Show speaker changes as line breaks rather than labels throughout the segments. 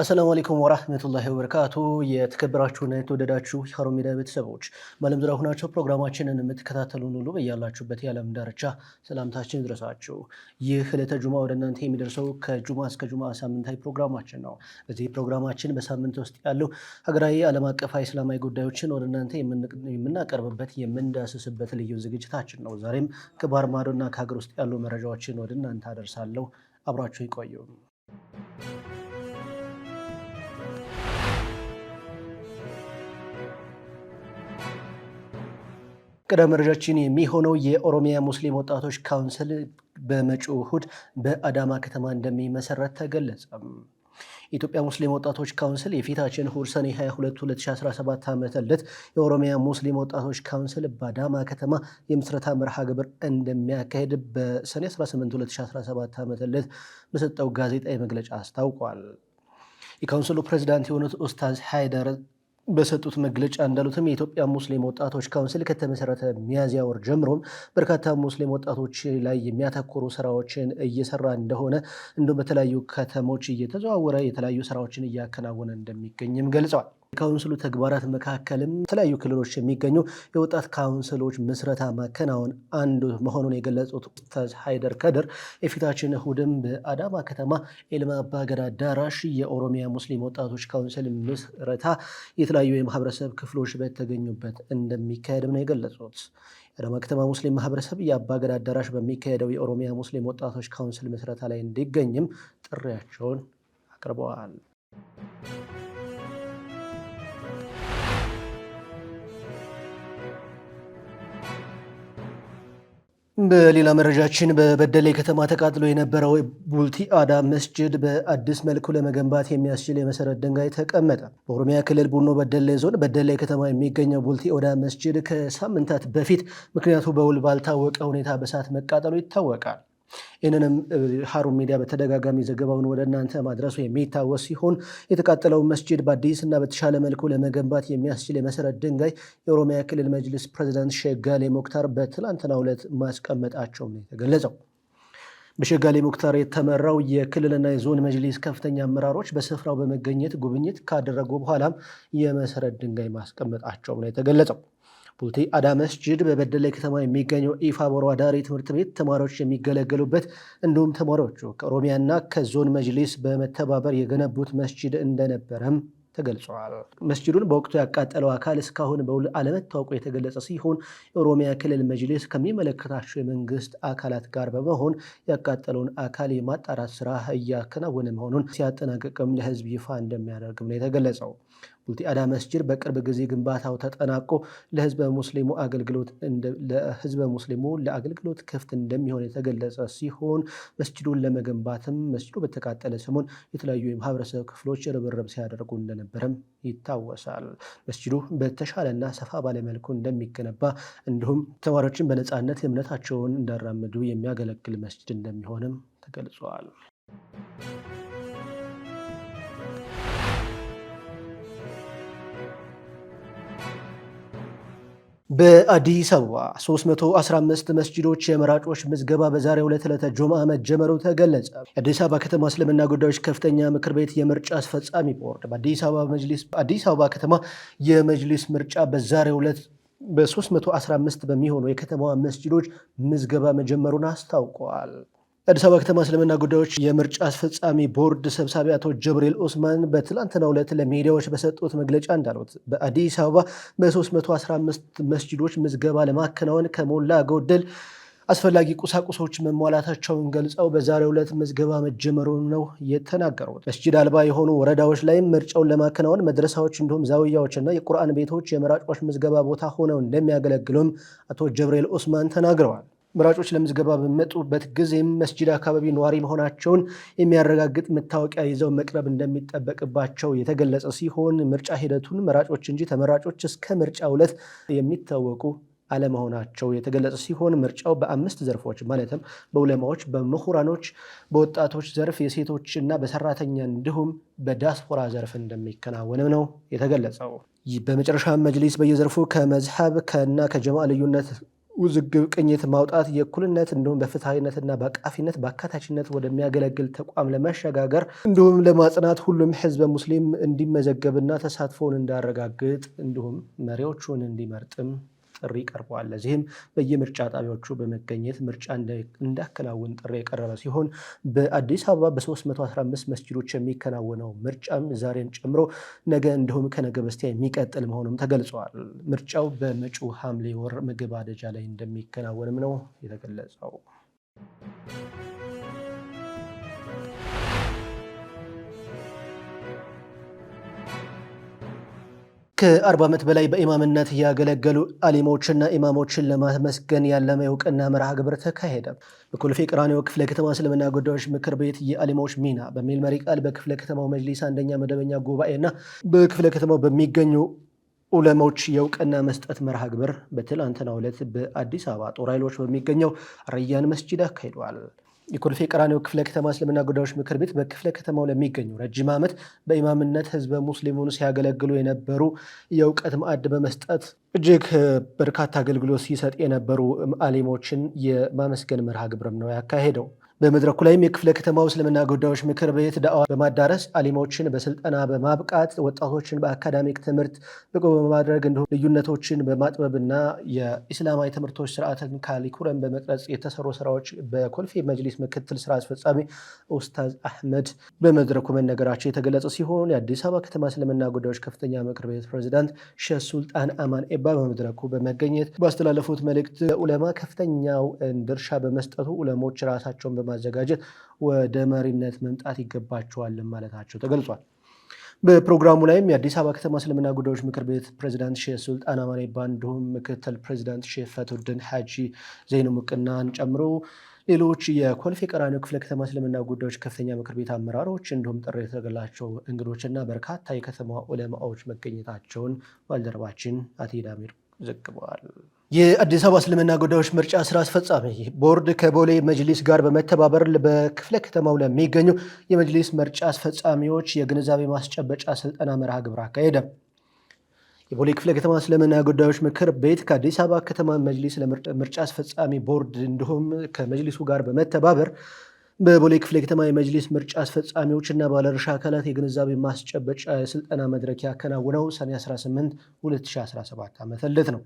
አሰላሙ አለይኩም ወራህመቱላሂ ወበረካቱ። የተከበራችሁና የተወደዳችሁ የሀሩን ሚዲያ ቤተሰቦች በዓለም ዙሪያ ሆናችሁ ፕሮግራማችንን የምትከታተሉን ሁሉ በያላችሁበት የዓለም ዳርቻ ሰላምታችን ይድረሳችሁ። ይህ ዕለተ ጁማ ወደ እናንተ የሚደርሰው ከጁማ እስከ ጁማ ሳምንታዊ ፕሮግራማችን ነው። በዚህ ፕሮግራማችን በሳምንት ውስጥ ያሉ ሀገራዊ፣ ዓለም አቀፋዊ እስላማዊ ጉዳዮችን ወደ እናንተ የምናቀርብበት የምንዳስስበት ልዩ ዝግጅታችን ነው። ዛሬም ከባህር ማዶና ከሀገር ውስጥ ያሉ መረጃዎችን ወደ እናንተ አደርሳለሁ። አብራችሁ ይቆዩ። ቀደም መረጃችን የሚሆነው የኦሮሚያ ሙስሊም ወጣቶች ካውንስል በመጪው እሁድ በአዳማ ከተማ እንደሚመሰረት ተገለጸ። የኢትዮጵያ ሙስሊም ወጣቶች ካውንስል የፊታችን እሁድ ሰኔ 22 2017 የኦሮሚያ ሙስሊም ወጣቶች ካውንስል በአዳማ ከተማ የምስረታ መርሃ ግብር እንደሚያካሄድ በሰኔ 18 2017 ዓ.ም በሰጠው ጋዜጣዊ መግለጫ አስታውቋል። የካውንስሉ ፕሬዚዳንት የሆኑት ኡስታዝ ሃይደር በሰጡት መግለጫ እንዳሉትም የኢትዮጵያ ሙስሊም ወጣቶች ካውንስል ከተመሰረተ ሚያዝያ ወር ጀምሮም በርካታ ሙስሊም ወጣቶች ላይ የሚያተኩሩ ስራዎችን እየሰራ እንደሆነ እንዲሁም በተለያዩ ከተሞች እየተዘዋወረ የተለያዩ ስራዎችን እያከናወነ እንደሚገኝም ገልጸዋል። ካውንስሉ ተግባራት መካከልም የተለያዩ ክልሎች የሚገኙ የወጣት ካውንስሎች ምስረታ ማከናወን አንዱ መሆኑን የገለጹት ኡስታዝ ሀይደር ከድር የፊታችን እሁድም በአዳማ ከተማ ኤልማ አባገዳ አዳራሽ የኦሮሚያ ሙስሊም ወጣቶች ካውንስል ምስረታ የተለያዩ የማህበረሰብ ክፍሎች በተገኙበት እንደሚካሄድም ነው የገለጹት። የአዳማ ከተማ ሙስሊም ማህበረሰብ የአባገዳ አዳራሽ በሚካሄደው የኦሮሚያ ሙስሊም ወጣቶች ካውንስል ምስረታ ላይ እንዲገኝም ጥሪያቸውን አቅርበዋል። በሌላ መረጃችን በበደሌ ከተማ ተቃጥሎ የነበረው ቡልቲ አዳ መስጅድ በአዲስ መልኩ ለመገንባት የሚያስችል የመሰረት ድንጋይ ተቀመጠ። በኦሮሚያ ክልል ቡኖ በደሌ ዞን በደሌ ከተማ የሚገኘው ቡልቲ ኦዳ መስጅድ ከሳምንታት በፊት ምክንያቱ በውል ባልታወቀ ሁኔታ በሳት መቃጠሉ ይታወቃል። ይህንንም ሀሩን ሚዲያ በተደጋጋሚ ዘገባውን ወደ እናንተ ማድረሱ የሚታወስ ሲሆን የተቃጠለው መስጂድ በአዲስ እና በተሻለ መልኩ ለመገንባት የሚያስችል የመሰረት ድንጋይ የኦሮሚያ ክልል መጅልስ ፕሬዚዳንት ሼጋሌ ሞክታር በትላንትናው ዕለት ማስቀመጣቸው ነው የተገለጸው። በሸጋሌ ሙክታር የተመራው የክልልና የዞን መጅሊስ ከፍተኛ አመራሮች በስፍራው በመገኘት ጉብኝት ካደረጉ በኋላም የመሰረት ድንጋይ ማስቀመጣቸው ነው የተገለጸው። ቡልቲ አዳ መስጅድ በበደሌ ከተማ የሚገኘው ኢፋ አዳሪ ትምህርት ቤት ተማሪዎች የሚገለገሉበት እንዲሁም ተማሪዎቹ ከኦሮሚያና ከዞን መጅሊስ በመተባበር የገነቡት መስጅድ እንደነበረም ተገልጿል። መስጅዱን በወቅቱ ያቃጠለው አካል እስካሁን በውል አለመታወቁ የተገለጸ ሲሆን የኦሮሚያ ክልል መጅሊስ ከሚመለከታቸው የመንግስት አካላት ጋር በመሆን ያቃጠለውን አካል የማጣራት ስራ እያከናወነ መሆኑን ሲያጠናቅቅም ለህዝብ ይፋ እንደሚያደርግም ነው የተገለጸው። አዳ መስጅድ በቅርብ ጊዜ ግንባታው ተጠናቆ ለህዝበ ሙስሊሙ አገልግሎት ለህዝበ ሙስሊሙ ለአገልግሎት ክፍት እንደሚሆን የተገለጸ ሲሆን መስጅዱን ለመገንባትም መስጅዱ በተቃጠለ ሰሞን የተለያዩ የማህበረሰብ ክፍሎች ርብርብ ሲያደርጉ እንደነበረም ይታወሳል። መስጅዱ በተሻለና ሰፋ ባለመልኩ እንደሚገነባ እንዲሁም ተማሪዎችን በነፃነት እምነታቸውን እንዳራምዱ የሚያገለግል መስጅድ እንደሚሆንም ተገልጿል። በአዲስ አበባ 315 መስጂዶች የመራጮች ምዝገባ በዛሬው ዕለት ዕለተ ጁምዓ መጀመሩ ተገለጸ። የአዲስ አበባ ከተማ እስልምና ጉዳዮች ከፍተኛ ምክር ቤት የምርጫ አስፈጻሚ ቦርድ በአዲስ አበባ ከተማ የመጅሊስ ምርጫ በዛሬው ዕለት በ315 በሚሆኑ የከተማዋ መስጂዶች ምዝገባ መጀመሩን አስታውቀዋል። አዲስ አበባ ከተማ እስልምና ጉዳዮች የምርጫ አስፈጻሚ ቦርድ ሰብሳቢ አቶ ጀብሪል ኦስማን በትላንትናው ዕለት ለሚዲያዎች በሰጡት መግለጫ እንዳሉት በአዲስ አበባ በ315 መስጅዶች ምዝገባ ለማከናወን ከሞላ ጎደል አስፈላጊ ቁሳቁሶች መሟላታቸውን ገልጸው በዛሬው ዕለት ምዝገባ መጀመሩን ነው የተናገሩት። መስጂድ አልባ የሆኑ ወረዳዎች ላይም ምርጫውን ለማከናወን መድረሳዎች፣ እንዲሁም ዛውያዎችና የቁርአን ቤቶች የመራጮች ምዝገባ ቦታ ሆነው እንደሚያገለግሉም አቶ ጀብሪል ኦስማን ተናግረዋል። መራጮች ለምዝገባ በሚመጡበት ጊዜም መስጂድ አካባቢ ነዋሪ መሆናቸውን የሚያረጋግጥ መታወቂያ ይዘው መቅረብ እንደሚጠበቅባቸው የተገለጸ ሲሆን ምርጫ ሂደቱን መራጮች እንጂ ተመራጮች እስከ ምርጫ ዕለት የሚታወቁ አለመሆናቸው የተገለጸ ሲሆን ምርጫው በአምስት ዘርፎች ማለትም በዑለማዎች፣ በምሁራኖች፣ በወጣቶች ዘርፍ፣ እና በሰራተኛ እንዲሁም በዲያስፖራ ዘርፍ እንደሚከናወንም ነው የተገለጸው። በመጨረሻ መጅሊስ በየዘርፉ ከመዝሀብ እና ከጀማ ልዩነት ውዝግብ ቅኝት ማውጣት የእኩልነት እንዲሁም በፍትሐዊነትና በአቃፊነት በአካታችነት ወደሚያገለግል ተቋም ለመሸጋገር እንዲሁም ለማጽናት ሁሉም ህዝበ ሙስሊም እንዲመዘገብና ተሳትፎውን እንዳረጋግጥ እንዲሁም መሪዎቹን እንዲመርጥም ጥሪ ቀርበዋል። ለዚህም በየምርጫ ጣቢያዎቹ በመገኘት ምርጫ እንዳከናውን ጥሪ የቀረበ ሲሆን በአዲስ አበባ በ315 መስጂዶች የሚከናወነው ምርጫም ዛሬን ጨምሮ ነገ እንዲሁም ከነገ በስቲያ የሚቀጥል መሆኑም ተገልጿል። ምርጫው በመጪው ሐምሌ ወር መገባደጃ ላይ እንደሚከናወንም ነው የተገለጸው። ከ40 ዓመት በላይ በኢማምነት ያገለገሉ አሊሞችና ኢማሞችን ለማመስገን ያለመ እውቅና መርሃ ግብር ተካሄደ። በኮልፌ ቀራኒዮ ክፍለ ከተማ እስልምና ጉዳዮች ምክር ቤት የአሊሞች ሚና በሚል መሪ ቃል በክፍለ ከተማው መጅሊስ አንደኛ መደበኛ ጉባኤና በክፍለ ከተማው በሚገኙ ዑለሞች የእውቅና መስጠት መርሃ ግብር በትላንትናው ዕለት በአዲስ አበባ ጦር ኃይሎች በሚገኘው ረያን መስጂድ አካሂደዋል። የኮልፌ ቀራኒዮ ክፍለ ከተማ እስልምና ጉዳዮች ምክር ቤት በክፍለ ከተማው ለሚገኙ ረጅም ዓመት በኢማምነት ህዝበ ሙስሊሙን ሲያገለግሉ የነበሩ የእውቀት ማዕድ በመስጠት እጅግ በርካታ አገልግሎት ሲሰጥ የነበሩ አሊሞችን የማመስገን መርሃ ግብርም ነው ያካሄደው። በመድረኩ ላይም የክፍለ ከተማው እስልምና ጉዳዮች ምክር ቤት ዳዋ በማዳረስ አሊሞችን በስልጠና በማብቃት ወጣቶችን በአካዳሚክ ትምህርት ብቁ በማድረግ እንዲሁም ልዩነቶችን በማጥበብና የኢስላማዊ ትምህርቶች ስርዓትን ካሊኩረን በመቅረጽ የተሰሩ ስራዎች በኮልፌ መጅሊስ ምክትል ስራ አስፈጻሚ ኡስታዝ አህመድ በመድረኩ መነገራቸው የተገለጸ ሲሆን የአዲስ አበባ ከተማ እስልምና ጉዳዮች ከፍተኛ ምክር ቤት ፕሬዚዳንት ሼህ ሱልጣን አማን ኤባ በመድረኩ በመገኘት ባስተላለፉት መልእክት ዑለማ ከፍተኛው ድርሻ በመስጠቱ ዑለሞች ራሳቸውን በማዘጋጀት ወደ መሪነት መምጣት ይገባቸዋል ማለታቸው ተገልጿል። በፕሮግራሙ ላይም የአዲስ አበባ ከተማ እስልምና ጉዳዮች ምክር ቤት ፕሬዚዳንት ሼህ ሱልጣን አማኔ ባ እንዲሁም ምክትል ፕሬዚዳንት ሼህ ፈትሁድን ሐጂ ዘይኑ ሙቅናን ጨምሮ ሌሎች የኮልፌ ቀራኒዮ ክፍለ ከተማ እስልምና ጉዳዮች ከፍተኛ ምክር ቤት አመራሮች እንዲሁም ጥሪ የተደረገላቸው እንግዶችና በርካታ የከተማ ዑለማዎች መገኘታቸውን ባልደረባችን ዳሚር ዘግበዋል። የአዲስ አበባ እስልምና ጉዳዮች ምርጫ ስራ አስፈጻሚ ቦርድ ከቦሌ መጅሊስ ጋር በመተባበር በክፍለ ከተማው ለሚገኙ የመጅሊስ ምርጫ አስፈጻሚዎች የግንዛቤ ማስጨበጫ ስልጠና መርሃ ግብር አካሄደ። የቦሌ ክፍለ ከተማ እስልምና ጉዳዮች ምክር ቤት ከአዲስ አበባ ከተማ መጅሊስ ለምርጫ አስፈጻሚ ቦርድ እንዲሁም ከመጅሊሱ ጋር በመተባበር በቦሌ ክፍለ ከተማ የመጅሊስ ምርጫ አስፈጻሚዎች እና ባለድርሻ አካላት የግንዛቤ ማስጨበጫ ስልጠና መድረክ ያከናውነው ሰኔ 18 2017 ዓ ዓ.ም ነው።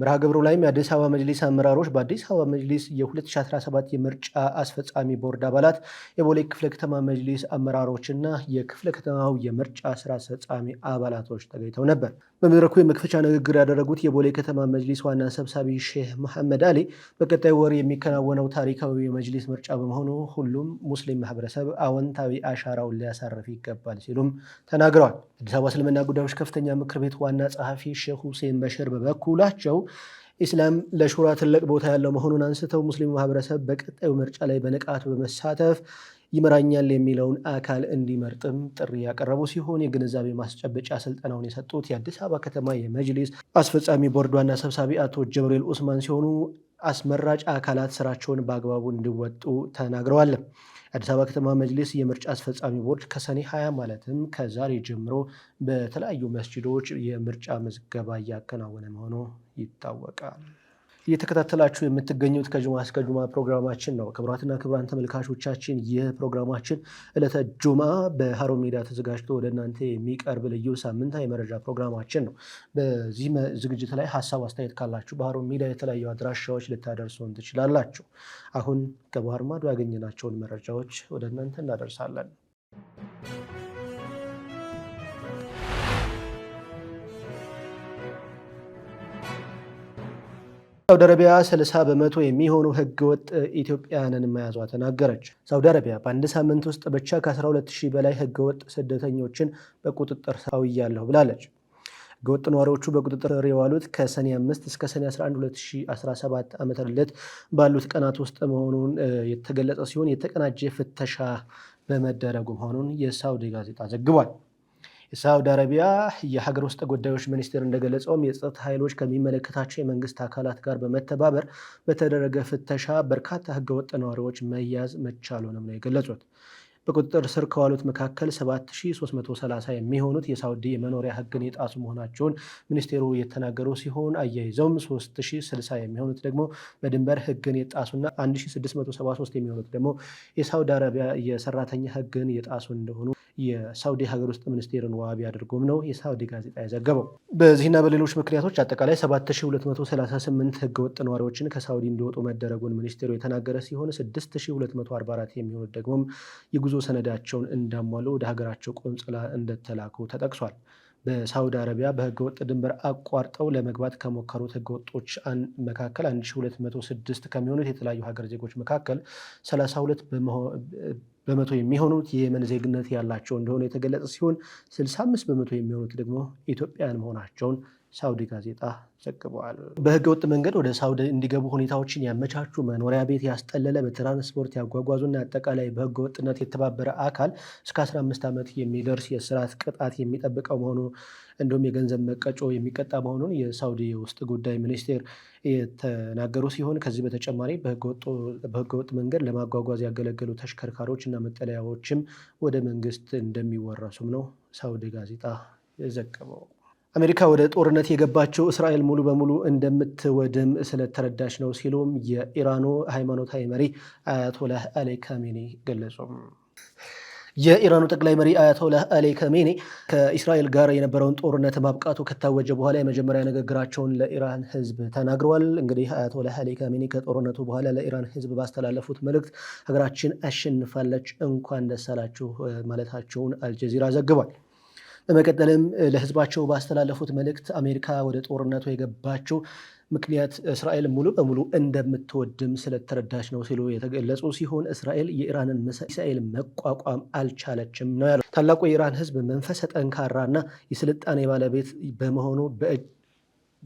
መርሃ ግብሩ ላይም የአዲስ አበባ መጅሊስ አመራሮች በአዲስ አበባ መጅሊስ የ2017 የምርጫ አስፈጻሚ ቦርድ አባላት፣ የቦሌ ክፍለ ከተማ መጅሊስ አመራሮችና የክፍለ ከተማው የምርጫ ስራ አስፈጻሚ አባላቶች ተገኝተው ነበር። በመድረኩ የመክፈቻ ንግግር ያደረጉት የቦሌ ከተማ መጅሊስ ዋና ሰብሳቢ ሼህ መሐመድ አሊ በቀጣይ ወር የሚከናወነው ታሪካዊ የመጅሊስ ምርጫ በመሆኑ ሁሉም ሙስሊም ማህበረሰብ አዎንታዊ አሻራውን ሊያሳርፍ ይገባል ሲሉም ተናግረዋል። አዲስ አበባ እስልምና ጉዳዮች ከፍተኛ ምክር ቤት ዋና ጸሐፊ ሼህ ሁሴን በሽር በበኩላቸው አስረድተው ኢስላም ለሹራ ትልቅ ቦታ ያለው መሆኑን አንስተው ሙስሊሙ ማህበረሰብ በቀጣዩ ምርጫ ላይ በንቃቱ በመሳተፍ ይመራኛል የሚለውን አካል እንዲመርጥም ጥሪ ያቀረቡ ሲሆን የግንዛቤ ማስጨበጫ ስልጠናውን የሰጡት የአዲስ አበባ ከተማ የመጅሊስ አስፈጻሚ ቦርድ ዋና ሰብሳቢ አቶ ጀብሪል ኡስማን ሲሆኑ አስመራጭ አካላት ስራቸውን በአግባቡ እንዲወጡ ተናግረዋል። አዲስ አበባ ከተማ መጅሊስ የምርጫ አስፈጻሚ ቦርድ ከሰኔ 20 ማለትም ከዛሬ ጀምሮ በተለያዩ መስጂዶች የምርጫ ምዝገባ እያከናወነ መሆኑ ይታወቃል። እየተከታተላችሁ የምትገኙት ከጁማ እስከ ጁማ ፕሮግራማችን ነው። ክቡራትና ክቡራን ተመልካቾቻችን ይህ ፕሮግራማችን ዕለተ ጁማ በሀሩን ሚዲያ ተዘጋጅቶ ወደ እናንተ የሚቀርብ ልዩ ሳምንታዊ መረጃ ፕሮግራማችን ነው። በዚህ ዝግጅት ላይ ሀሳብ፣ አስተያየት ካላችሁ በሀሩን ሚዲያ የተለያዩ አድራሻዎች ልታደርሱን ትችላላችሁ። አሁን ከባህር ማዶ ያገኘናቸውን መረጃዎች ወደ እናንተ እናደርሳለን። ሳውዲ አረቢያ 60 በመቶ የሚሆኑ ህገወጥ ኢትዮጵያውያንን መያዟ ተናገረች። ሳውዲ አረቢያ በአንድ ሳምንት ውስጥ ብቻ ከ12000 በላይ ህገወጥ ስደተኞችን በቁጥጥር ስር አውያለሁ ብላለች። ህገወጥ ነዋሪዎቹ በቁጥጥር ስር የዋሉት ከሰኔ 5 እስከ ሰኔ 11 2017 ዓ ም ባሉት ቀናት ውስጥ መሆኑን የተገለጸ ሲሆን የተቀናጀ ፍተሻ በመደረጉ መሆኑን የሳውዲ ጋዜጣ ዘግቧል። የሳውዲ አረቢያ የሀገር ውስጥ ጉዳዮች ሚኒስቴር እንደገለጸውም የጸጥታ ኃይሎች ከሚመለከታቸው የመንግስት አካላት ጋር በመተባበር በተደረገ ፍተሻ በርካታ ህገወጥ ነዋሪዎች መያዝ መቻሉንም ነው የገለጹት። በቁጥጥር ስር ከዋሉት መካከል 7330 የሚሆኑት የሳውዲ የመኖሪያ ህግን የጣሱ መሆናቸውን ሚኒስቴሩ የተናገሩ ሲሆን አያይዘውም 3060 የሚሆኑት ደግሞ በድንበር ህግን የጣሱና 1673 የሚሆኑት ደግሞ የሳውዲ አረቢያ የሰራተኛ ህግን የጣሱ እንደሆኑ የሳውዲ ሀገር ውስጥ ሚኒስቴርን ዋቢ አድርጎም ነው የሳውዲ ጋዜጣ የዘገበው። በዚህና በሌሎች ምክንያቶች አጠቃላይ 7238 ህገወጥ ነዋሪዎችን ከሳውዲ እንዲወጡ መደረጉን ሚኒስቴሩ የተናገረ ሲሆን 6244 የሚሆኑት ደግሞም የጉዞ ሰነዳቸውን እንዳሟሉ ወደ ሀገራቸው ቆንጽላ እንደተላኩ ተጠቅሷል። በሳውዲ አረቢያ በህገወጥ ድንበር አቋርጠው ለመግባት ከሞከሩት ህገወጦች መካከል 1206 ከሚሆኑት የተለያዩ ሀገር ዜጎች መካከል 32 በመቶ የሚሆኑት የየመን ዜግነት ያላቸው እንደሆነ የተገለጸ ሲሆን 65 በመቶ የሚሆኑት ደግሞ ኢትዮጵያውያን መሆናቸውን ሳውዲ ጋዜጣ ዘግበዋል። በህገወጥ መንገድ ወደ ሳውዲ እንዲገቡ ሁኔታዎችን ያመቻቹ፣ መኖሪያ ቤት ያስጠለለ፣ በትራንስፖርት ያጓጓዙና አጠቃላይ በህገወጥነት የተባበረ አካል እስከ 15 ዓመት የሚደርስ የስርዓት ቅጣት የሚጠብቀው መሆኑ እንዲሁም የገንዘብ መቀጮ የሚቀጣ መሆኑን የሳውዲ የውስጥ ጉዳይ ሚኒስቴር የተናገሩ ሲሆን ከዚህ በተጨማሪ በህገወጥ መንገድ ለማጓጓዝ ያገለገሉ ተሽከርካሪዎች እና መጠለያዎችም ወደ መንግስት እንደሚወረሱም ነው ሳውዲ ጋዜጣ የዘገበው። አሜሪካ ወደ ጦርነት የገባቸው እስራኤል ሙሉ በሙሉ እንደምትወድም ስለተረዳች ነው ሲሉም የኢራኑ ሃይማኖታዊ መሪ አያቶላህ አሊ ካሜኒ ገለጹም። የኢራኑ ጠቅላይ መሪ አያቶላህ አሊ ካሜኒ ከእስራኤል ጋር የነበረውን ጦርነት ማብቃቱ ከታወጀ በኋላ የመጀመሪያ ንግግራቸውን ለኢራን ሕዝብ ተናግረዋል። እንግዲህ አያቶላህ አሊ ካሜኒ ከጦርነቱ በኋላ ለኢራን ሕዝብ ባስተላለፉት መልእክት ሀገራችን አሸንፋለች፣ እንኳን ደስ አላችሁ ማለታቸውን አልጀዚራ ዘግቧል። በመቀጠልም ለህዝባቸው ባስተላለፉት መልእክት አሜሪካ ወደ ጦርነቱ የገባቸው ምክንያት እስራኤል ሙሉ በሙሉ እንደምትወድም ስለተረዳች ነው ሲሉ የተገለጹ ሲሆን እስራኤል የኢራንን ሚሳኤል መቋቋም አልቻለችም ነው ያለው። ታላቁ የኢራን ህዝብ መንፈሰ ጠንካራና የስልጣኔ ባለቤት በመሆኑ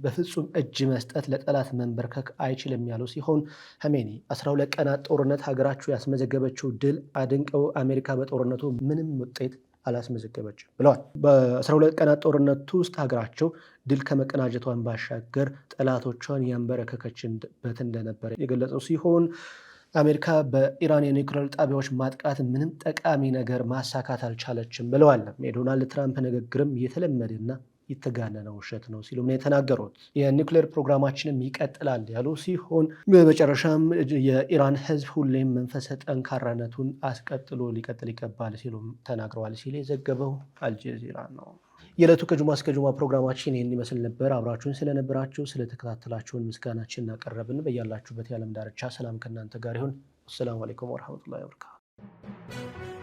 በፍጹም እጅ መስጠት ለጠላት መንበርከክ አይችልም ያሉ ሲሆን ሀሜኒ 12 ቀናት ጦርነት ሀገራችሁ ያስመዘገበችው ድል አድንቀው አሜሪካ በጦርነቱ ምንም ውጤት አላስመዘገበችም ብለዋል። በ12 ቀናት ጦርነቱ ውስጥ ሀገራቸው ድል ከመቀናጀቷን ባሻገር ጠላቶቿን ያንበረከከችበት እንደነበረ የገለጸው ሲሆን አሜሪካ በኢራን የኒውክሌር ጣቢያዎች ማጥቃት ምንም ጠቃሚ ነገር ማሳካት አልቻለችም ብለዋል። የዶናልድ ትራምፕ ንግግርም የተለመደና የተጋነነ ውሸት ነው ሲሉም ነው የተናገሩት። የኒውክሌር ፕሮግራማችንም ይቀጥላል ያሉ ሲሆን በመጨረሻም የኢራን ሕዝብ ሁሌም መንፈሰ ጠንካራነቱን አስቀጥሎ ሊቀጥል ይገባል ሲሉም ተናግረዋል ሲል የዘገበው አልጀዚራ ነው። የዕለቱ ከጁማ እስከ ጁማ ፕሮግራማችን ይህን ይመስል ነበር። አብራችሁን ስለነበራችሁ ስለተከታተላችሁን ምስጋናችን እናቀረብን። በያላችሁበት የዓለም ዳርቻ ሰላም ከእናንተ ጋር ይሁን። አሰላሙ አለይኩም ወረሕመቱላሂ ወበረካቱ።